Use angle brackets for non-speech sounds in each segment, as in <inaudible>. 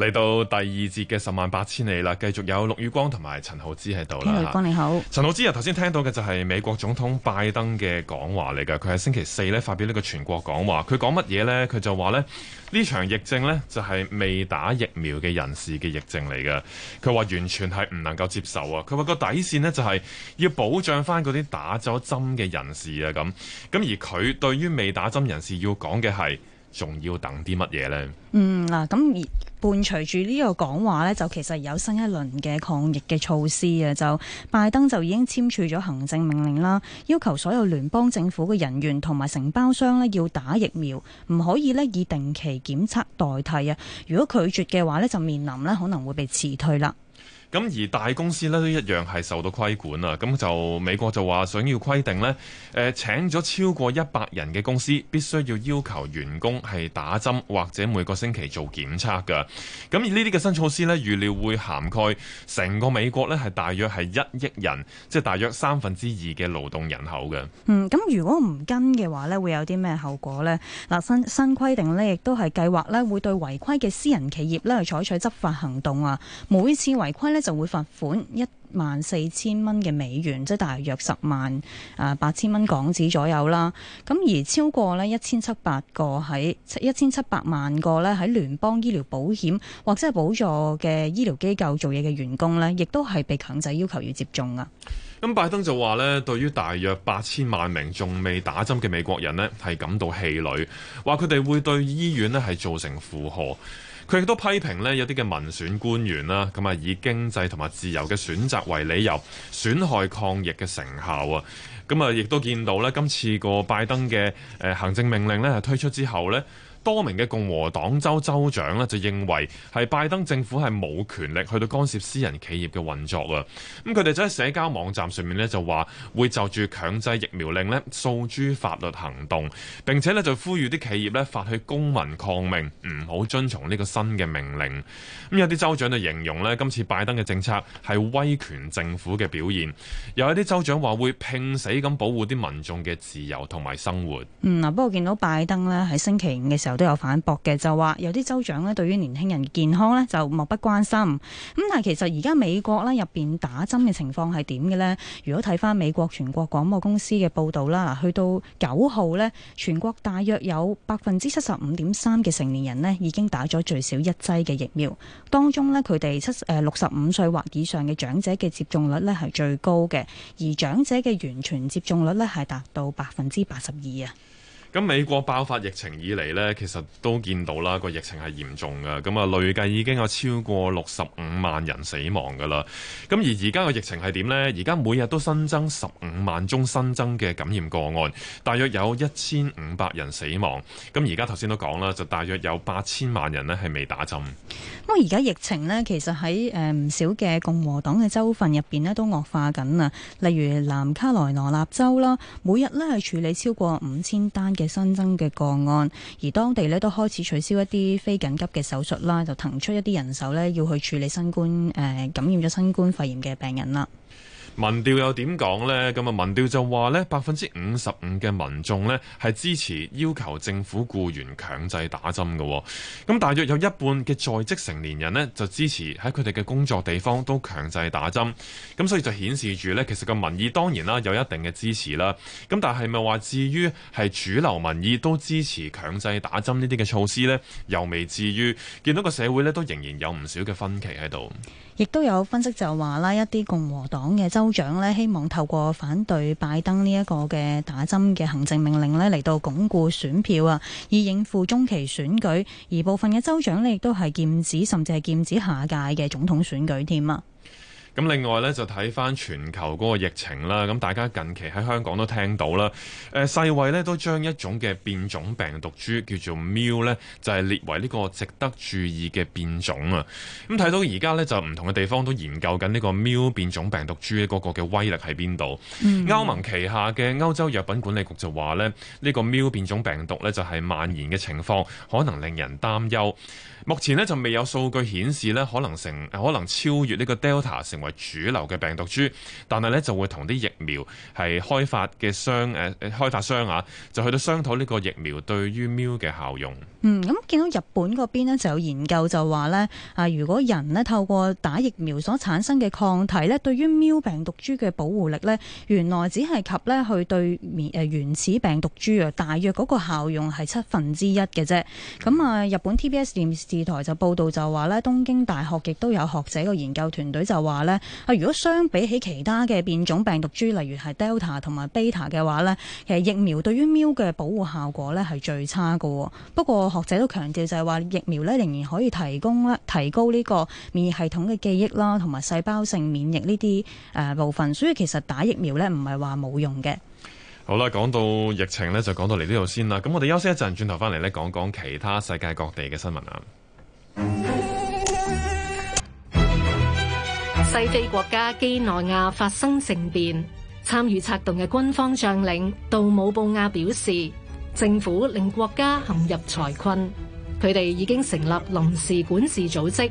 嚟到第二節嘅十萬八千里啦，繼續有陸宇光同埋陳浩之喺度啦。陸宇光你好，陳浩之啊！頭先聽到嘅就係美國總統拜登嘅講話嚟㗎，佢喺星期四咧發表呢個全國講話。佢講乜嘢呢？佢就話呢呢場疫症呢，就係未打疫苗嘅人士嘅疫症嚟㗎。佢話完全係唔能夠接受啊！佢話個底線呢，就係要保障翻嗰啲打咗針嘅人士啊咁。咁而佢對於未打針人士要講嘅係。仲要等啲乜嘢呢？嗯，嗱，咁而伴隨住呢個講話呢，就其實有新一輪嘅抗疫嘅措施啊！就拜登就已經簽署咗行政命令啦，要求所有聯邦政府嘅人員同埋承包商呢要打疫苗，唔可以呢以定期檢測代替啊！如果拒絕嘅話呢，就面臨呢可能會被辭退啦。咁而大公司咧都一樣係受到規管啊。咁就美國就話想要規定咧，誒請咗超過一百人嘅公司必須要要求員工係打針或者每個星期做檢測嘅。咁而呢啲嘅新措施咧預料會涵蓋成個美國咧係大約係一億人，即係大約三分之二嘅勞動人口嘅。嗯，咁如果唔跟嘅話咧，會有啲咩後果咧？嗱，新新規定咧亦都係計劃咧會對違規嘅私人企業咧去採取執法行動啊。每次違規咧。就會罰款一萬四千蚊嘅美元，即係大約十萬八千蚊港紙左右啦。咁而超過一千七百個喺一千七百萬個咧喺聯邦醫療保險或者係補助嘅醫療機構做嘢嘅員工呢，亦都係被強制要求要接種啊。咁拜登就話呢，對於大約八千萬名仲未打針嘅美國人呢，係感到氣餒，話佢哋會對醫院咧係造成負荷。佢亦都批評咧，有啲嘅民選官員啦，咁啊以經濟同埋自由嘅選擇為理由，損害抗疫嘅成效啊！咁啊，亦都見到咧，今次個拜登嘅誒行政命令咧推出之後咧。多名嘅共和黨州州長呢，就認為係拜登政府係冇權力去到干涉私人企業嘅運作啊！咁佢哋就喺社交網站上面呢，就話會就住強制疫苗令呢訴諸法律行動，並且呢就呼籲啲企業呢發去公民抗命，唔好遵從呢個新嘅命令。咁有啲州長就形容呢，今次拜登嘅政策係威權政府嘅表現，又有啲州長話會拼死咁保護啲民眾嘅自由同埋生活嗯。嗯嗱，不過見到拜登呢，喺星期五嘅時候，都有反駁嘅，就話有啲州長咧對於年輕人健康咧就漠不關心。咁但係其實而家美國咧入面打針嘅情況係點嘅呢？如果睇翻美國全國廣播公司嘅報道啦，去到九號咧，全國大約有百分之七十五點三嘅成年人咧已經打咗最少一劑嘅疫苗。當中咧佢哋七誒六十五歲或以上嘅長者嘅接種率咧係最高嘅，而長者嘅完全接種率咧係達到百分之八十二啊。咁美國爆發疫情以嚟呢，其實都見到啦，個疫情係嚴重嘅。咁啊，累計已經有超過六十五萬人死亡嘅啦。咁而而家個疫情係點呢？而家每日都新增十五萬宗新增嘅感染個案，大約有一千五百人死亡。咁而家頭先都講啦，就大約有八千萬人呢係未打針。咁而家疫情呢，其實喺誒唔少嘅共和黨嘅州份入邊呢都惡化緊啊。例如南卡萊羅納州啦，每日呢係處理超過五千單嘅新增嘅個案，而當地呢都開始取消一啲非緊急嘅手術啦，就騰出一啲人手呢，要去處理新冠誒、呃、感染咗新冠肺炎嘅病人啦。民調又點講呢？咁啊，民調就話呢，百分之五十五嘅民眾呢係支持要求政府雇員強制打針嘅喎。咁大約有一半嘅在職成年人呢，就支持喺佢哋嘅工作地方都強制打針。咁所以就顯示住呢，其實個民意當然啦有一定嘅支持啦。咁但係咪話至於係主流民意都支持強制打針呢啲嘅措施呢，又未至於見到個社會呢，都仍然有唔少嘅分歧喺度。亦都有分析就話啦，一啲共和黨嘅州。州長咧，希望透過反對拜登呢一個嘅打針嘅行政命令咧嚟到鞏固選票啊，以應付中期選舉，而部分嘅州長咧亦都係劍指，甚至係劍指下屆嘅總統選舉添啊。咁另外咧就睇翻全球個疫情啦，咁大家近期喺香港都聽到啦，誒世衛咧都將一種嘅變種病毒株叫做 Mu 咧，就係列為呢個值得注意嘅變種啊。咁睇到而家咧就唔同嘅地方都研究緊呢個 Mu 變種病毒株嘅個嘅威力喺邊度？嗯、歐盟旗下嘅歐洲藥品管理局就話咧，呢、呢個 Mu 變種病毒咧就係蔓延嘅情況可能令人擔憂，目前咧就未有數據顯示咧可能成可能超越呢個 Delta 成為。主流嘅病毒株，但係咧就會同啲疫苗係開發嘅商誒誒開發商啊，就去到商討呢個疫苗對於喵嘅效用。嗯，咁見到日本嗰邊咧就有研究就話咧啊，如果人咧透過打疫苗所產生嘅抗體咧，對於喵病毒株嘅保護力咧，原來只係及咧去對面誒原始病毒株啊，大約嗰個效用係七分之一嘅啫。咁啊，日本 TBS 電視台就報道就話咧，東京大學亦都有學者個研究團隊就話咧。啊，如果相比起其他嘅變種病毒株，例如係 Delta 同埋 Beta 嘅話呢，其實疫苗對於喵嘅保護效果呢係最差嘅。不過學者都強調就係話，疫苗呢仍然可以提供咧提高呢個免疫系統嘅記憶啦，同埋細胞性免疫呢啲誒部分。所以其實打疫苗呢唔係話冇用嘅。好啦，講到疫情呢，就講到嚟呢度先啦。咁我哋休息一陣，轉頭翻嚟呢講講其他世界各地嘅新聞啊。西非國家幾內亞發生政變，參與策動嘅軍方將領杜姆布亞表示，政府令國家陷入財困，佢哋已經成立臨時管治組織。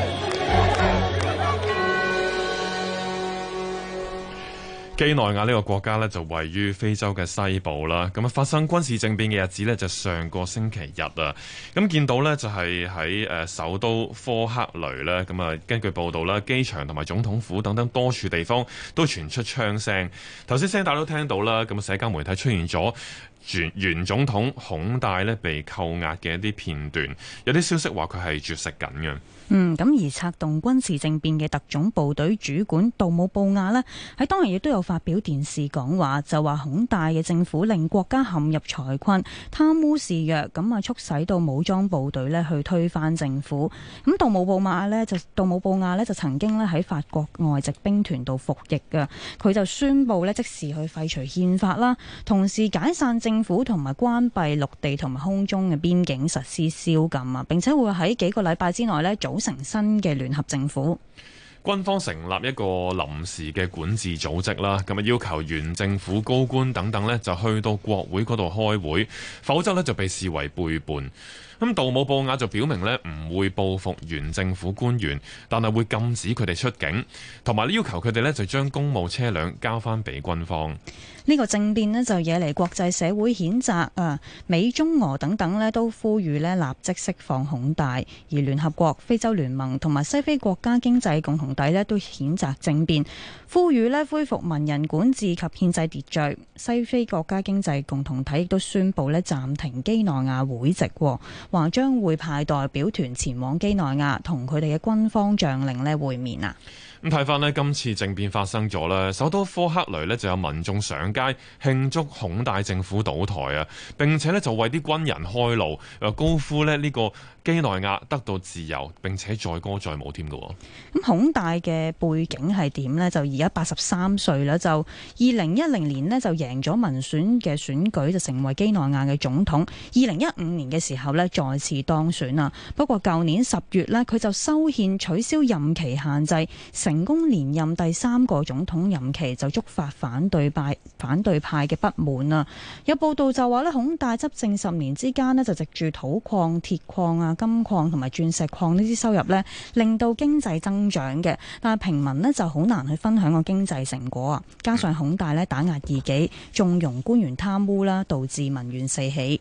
幾內亞呢個國家呢，就位於非洲嘅西部啦，咁啊發生軍事政變嘅日子呢，就上個星期日啊，咁見到呢，就係喺首都科克雷啦。咁啊根據報道啦，機場同埋總統府等等多處地方都傳出槍聲，頭先聲大家都聽到啦，咁啊社交媒體出現咗，原總統孔戴呢被扣押嘅一啲片段，有啲消息話佢係絕食緊嘅。嗯，咁而策動軍事政變嘅特種部隊主管杜姆布亞呢，喺當日亦都有發表電視講話，就話孔戴嘅政府令國家陷入財困、貪污肆虐，咁啊促使到武裝部隊呢去推翻政府。咁杜姆布亞呢，就杜姆布亞呢就曾經呢，喺法國外籍兵團度服役嘅，佢就宣布呢即時去廢除憲法啦，同時解散政。政府同埋關閉陸地同埋空中嘅邊境，實施宵禁啊，並且會喺幾個禮拜之內呢組成新嘅聯合政府，軍方成立一個臨時嘅管治組織啦。咁啊要求原政府高官等等呢就去到國會嗰度開會，否則呢就被視為背叛。咁杜姆布亞就表明呢唔會報復原政府官員，但係會禁止佢哋出境，同埋要求佢哋呢就將公務車輛交翻俾軍方。呢個政變呢，就惹嚟國際社會譴責啊，美、中、俄等等呢都呼籲呢立即釋放孔戴，而聯合國、非洲聯盟同埋西非國家經濟共同體呢都譴責政變，呼籲呢恢復文人管治及憲制秩序。西非國家經濟共同體亦都宣布呢暫停幾內亞會籍。話將會派代表團前往幾內亞，同佢哋嘅軍方將領咧會面啊！咁睇翻咧，今次政變發生咗咧，首都科克雷咧就有民眾上街慶祝孔大政府倒台啊！並且咧就為啲軍人開路，誒高呼咧呢個幾內亞得到自由並且載歌載舞添嘅喎。咁孔大嘅背景係點呢？就而家八十三歲啦，就二零一零年咧就贏咗民選嘅選舉，就成為幾內亞嘅總統。二零一五年嘅時候咧再次當選啊，不過舊年十月咧佢就修憲取消任期限制成功連任第三個總統任期，就觸發反對派反對派嘅不滿啊，有報道就話咧，孔大執政十年之間咧，就藉住土礦、鐵礦啊、金礦同埋鑽石礦呢啲收入咧，令到經濟增長嘅。但係平民咧就好難去分享個經濟成果啊。加上孔大咧打壓異己、縱容官員貪污啦，導致民怨四起。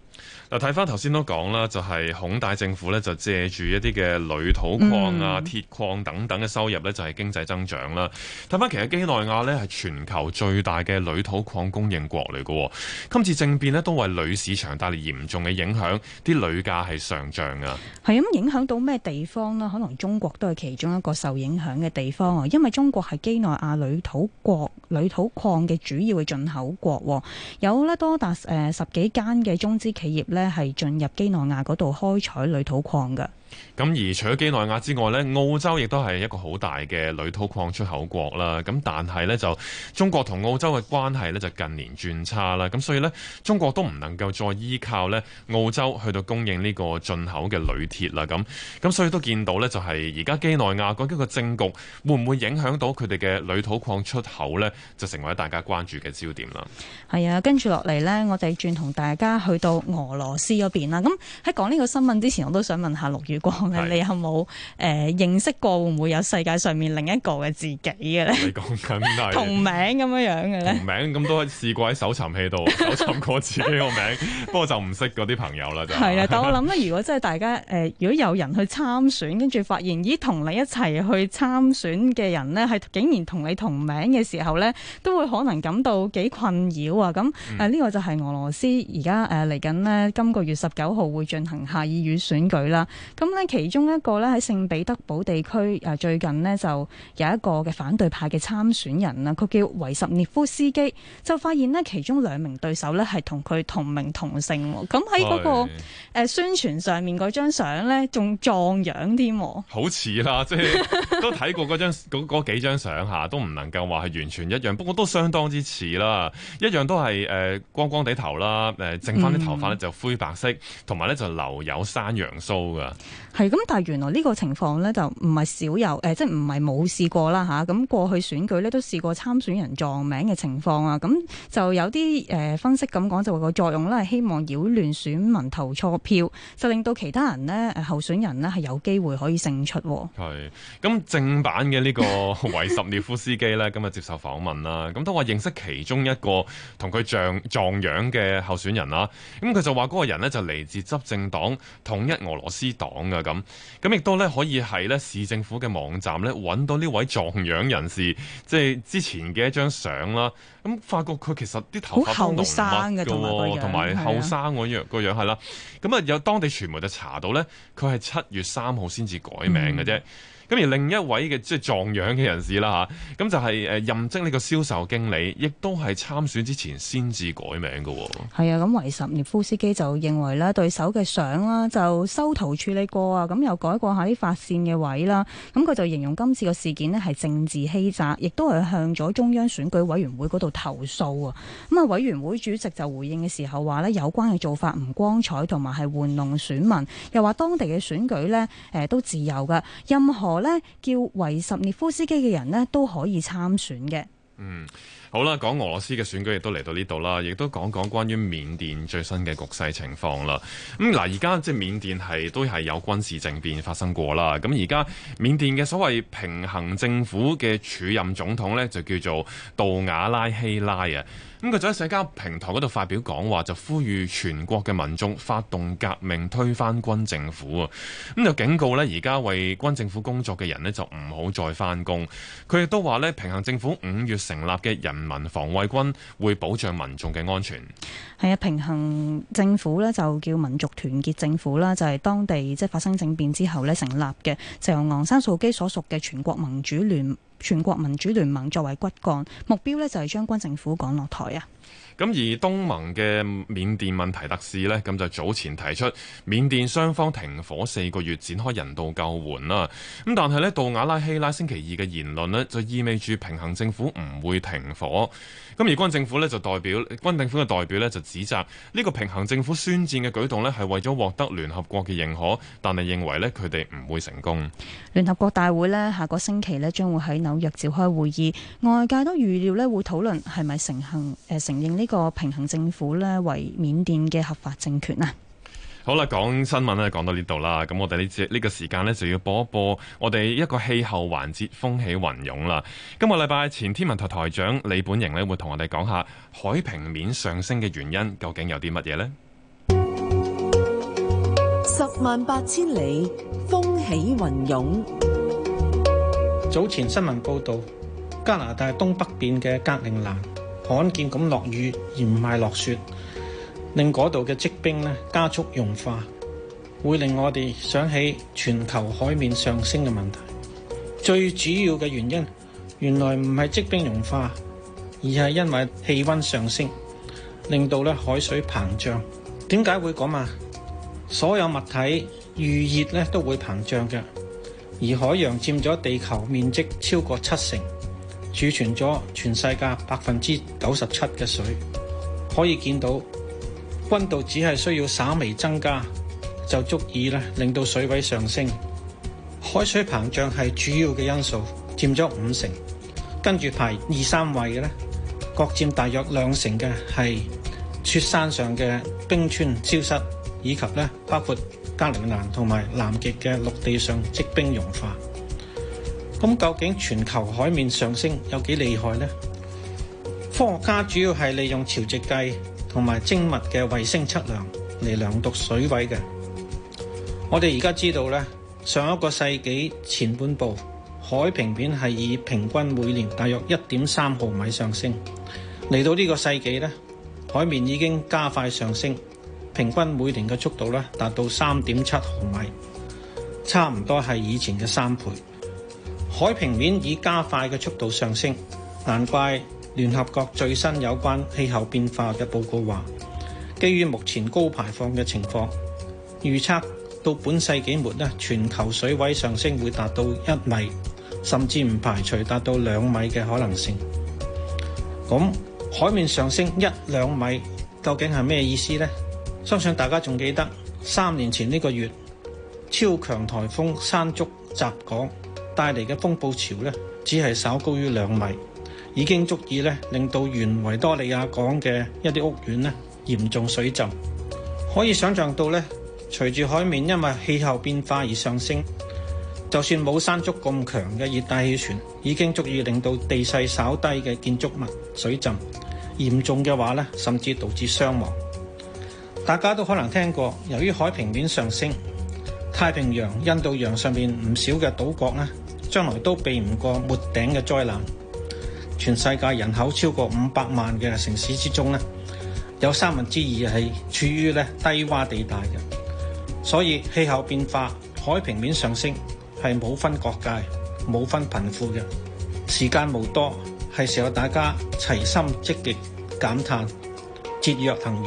嗱，睇翻頭先都講啦，就係、是、孔大政府咧就借住一啲嘅鋁土礦啊、鐵礦、嗯、等等嘅收入咧，就係經濟。增長啦，睇返其實幾內亞呢係全球最大嘅鋁土礦供應國嚟嘅，今次政變呢都為鋁市場帶嚟嚴重嘅影響，啲鋁價係上漲㗎，係咁影響到咩地方呢？可能中國都係其中一個受影響嘅地方啊，因為中國係幾內亞鋁土國鋁土礦嘅主要嘅進口國，有呢多達誒十幾間嘅中資企業呢，係進入幾內亞嗰度開採鋁土礦嘅。咁而除咗幾內亞之外呢，澳洲亦都係一個好大嘅鋁土礦出口國啦。咁但係呢，就中國同澳洲嘅關係呢，就近年轉差啦。咁所以呢，中國都唔能夠再依靠呢澳洲去到供應呢個進口嘅鋁鐵啦。咁咁所以都見到呢，就係而家幾內亞嗰幾個政局會唔會影響到佢哋嘅鋁土礦出口呢？就成為大家關注嘅焦點啦。係啊，跟住落嚟呢，我哋轉同大家去到俄羅斯嗰邊啦。咁喺講呢個新聞之前，我都想問下陸宇。你有冇誒、呃、認識過？會唔會有世界上面另一個嘅自己嘅咧？講緊係同名咁樣樣嘅咧，同名咁都試過喺搜尋器度 <laughs> 搜尋過自己個名， <laughs> 不過就唔識嗰啲朋友啦。就係啦，但我諗咧，如果真係大家誒、呃，如果有人去參選，跟住發現依同你一齊去參選嘅人咧，係竟然同你同名嘅時候咧，都會可能感到幾困擾啊！咁誒，呢、嗯呃這個就係俄羅斯而家誒嚟緊呢，今個月十九號會進行下議院選舉啦。咁咁咧，其中一個咧喺聖彼得堡地區誒，最近呢，就有一個嘅反對派嘅參選人啦，佢叫維什涅夫斯基，就發現呢，其中兩名對手呢，係同佢同名同姓，咁喺嗰個宣傳上面嗰張相呢，仲撞樣添喎， <laughs> 好似啦，即係都睇過嗰張嗰 <laughs> 幾張相吓，都唔能夠話係完全一樣，不過都相當之似啦，一樣都係誒光光地頭啦，誒剩返啲頭髮咧就灰白色，同埋咧就留有山羊鬚㗎。係咁，但係原來呢個情況呢，就唔係少有，誒、呃，即係唔係冇試過啦吓。咁、啊、過去選舉呢，都試過參選人撞名嘅情況啊。咁就有啲誒、呃、分析咁講，就話個作用呢，係希望擾亂選民投錯票，就令到其他人呢誒候選人呢，係有機會可以勝出。係咁，正版嘅呢個維什涅夫斯基呢， <laughs> 今日接受訪問啦，咁、啊、都話認識其中一個同佢撞撞樣嘅候選人啦。咁、啊、佢、嗯、就話嗰個人呢，就嚟自執政黨統一俄羅斯黨。啊咁，咁亦都咧可以係咧市政府嘅網站咧揾到呢位撞樣人士，即係之前嘅一張相啦。咁發覺佢其實啲頭髮都濃密嘅喎，同埋後生喎呢樣個樣係啦。咁啊有，的有當地傳媒就查到咧，佢係七月三號先至改名嘅啫。嗯咁而另一位嘅即係撞樣嘅人士啦吓，咁就係、是、誒任職呢個銷售經理，亦都係參選之前先至改名嘅。係啊，咁維什涅夫斯基就認為咧，對手嘅相啦就修圖處理過啊，咁又改過下啲髮線嘅位啦，咁佢就形容今次嘅事件咧係政治欺詐，亦都係向咗中央選舉委員會嗰度投訴啊。咁啊，委員會主席就回應嘅時候話咧，有關嘅做法唔光彩，同埋係玩弄選民，又話當地嘅選舉咧誒都自由嘅，任何。咧叫維什涅夫斯基嘅人呢，都可以參選嘅。嗯。好啦，講俄羅斯嘅選舉亦都嚟到呢度啦，亦都講講關於緬甸最新嘅局勢情況啦。咁嗱，而家即係緬甸係都係有軍事政變發生過啦。咁而家緬甸嘅所謂平行政府嘅署任總統呢，就叫做杜瓦拉希拉啊。咁佢就喺社交平台嗰度發表講話，就呼籲全國嘅民眾發動革命推翻軍政府啊。咁就警告呢，而家為軍政府工作嘅人呢，就唔好再返工。佢亦都話呢，平行政府五月成立嘅人民。人民防衛軍會保障民眾嘅安全。係啊，平衡政府咧就叫民族團結政府啦，就係當地即係發生政變之後咧成立嘅，就由昂山素姬所屬嘅全國民主聯。全國民主聯盟作為骨幹，目標呢就係將軍政府趕落台啊！咁而東盟嘅緬甸問題特使呢，咁就早前提出緬甸雙方停火四個月，展開人道救援啦。咁但係呢，杜瓦拉希拉星期二嘅言論呢，就意味住平行政府唔會停火。咁而軍政府呢，就代表軍政府嘅代表呢，就指責呢個平行政府宣戰嘅舉動呢，係為咗獲得聯合國嘅認可，但係認為呢，佢哋唔會成功。聯合國大會呢，下個星期呢，將會喺。紐約召開會議，外界都預料咧會討論係咪承認承認呢個平行政府咧為緬甸嘅合法政權啊。好啦，講新聞咧，講到呢度啦，咁我哋呢節呢個時間咧就要播一播我哋一個氣候環節風起雲湧啦。今個禮拜前天文台台長李本瀅咧會同我哋講下海平面上升嘅原因究竟有啲乜嘢呢？十萬八千里，風起雲湧。早前新聞報道，加拿大東北邊嘅格陵蘭罕見咁落雨而唔係落雪，令嗰度嘅積冰加速融化，會令我哋想起全球海面上升嘅問題。最主要嘅原因，原來唔係積冰融化，而係因為氣温上升，令到咧海水膨脹。點解會咁呀？所有物體遇熱都會膨脹嘅。而海洋佔咗地球面積超過七成，儲存咗全世界百分之九十七嘅水。可以見到，温度只係需要稍微增加，就足以咧令到水位上升。海水膨脹係主要嘅因素，佔咗五成。跟住排二三位嘅咧，各佔大約兩成嘅係雪山上嘅冰川消失。以及咧，包括格陵蘭同埋南極嘅陸地上積冰融化。咁究竟全球海面上升有幾厲害呢？科學家主要係利用潮汐計同埋精密嘅衛星測量嚟量度水位嘅。我哋而家知道咧，上一個世紀前半部海平面係以平均每年大約一點三毫米上升，嚟到呢個世紀咧，海面已經加快上升。平均每年嘅速度咧，達到三點七毫米，差唔多係以前嘅三倍。海平面以加快嘅速度上升，難怪聯合國最新有關氣候變化嘅報告話，基於目前高排放嘅情況，預測到本世紀末咧，全球水位上升會達到一米，甚至唔排除達到兩米嘅可能性。咁海面上升一兩米，究竟係咩意思咧？相信大家仲記得三年前呢個月，超強颱風山竹襲港帶嚟嘅風暴潮呢，只係稍高於兩米，已經足以令到原維多利亞港嘅一啲屋苑咧，嚴重水浸。可以想像到呢，隨住海面因為氣候變化而上升，就算冇山竹咁強嘅熱帶氣旋，已經足以令到地勢稍低嘅建築物水浸，嚴重嘅話呢，甚至導致傷亡。大家都可能聽過，由於海平面上升，太平洋、印度洋上面唔少嘅島國咧，將來都避唔過沒頂嘅災難。全世界人口超過五百萬嘅城市之中咧，有三分之二係處於咧低洼地帶嘅，所以氣候變化、海平面上升係冇分國界、冇分貧富嘅。時間無多，係時候大家齊心積極減碳、節約能源。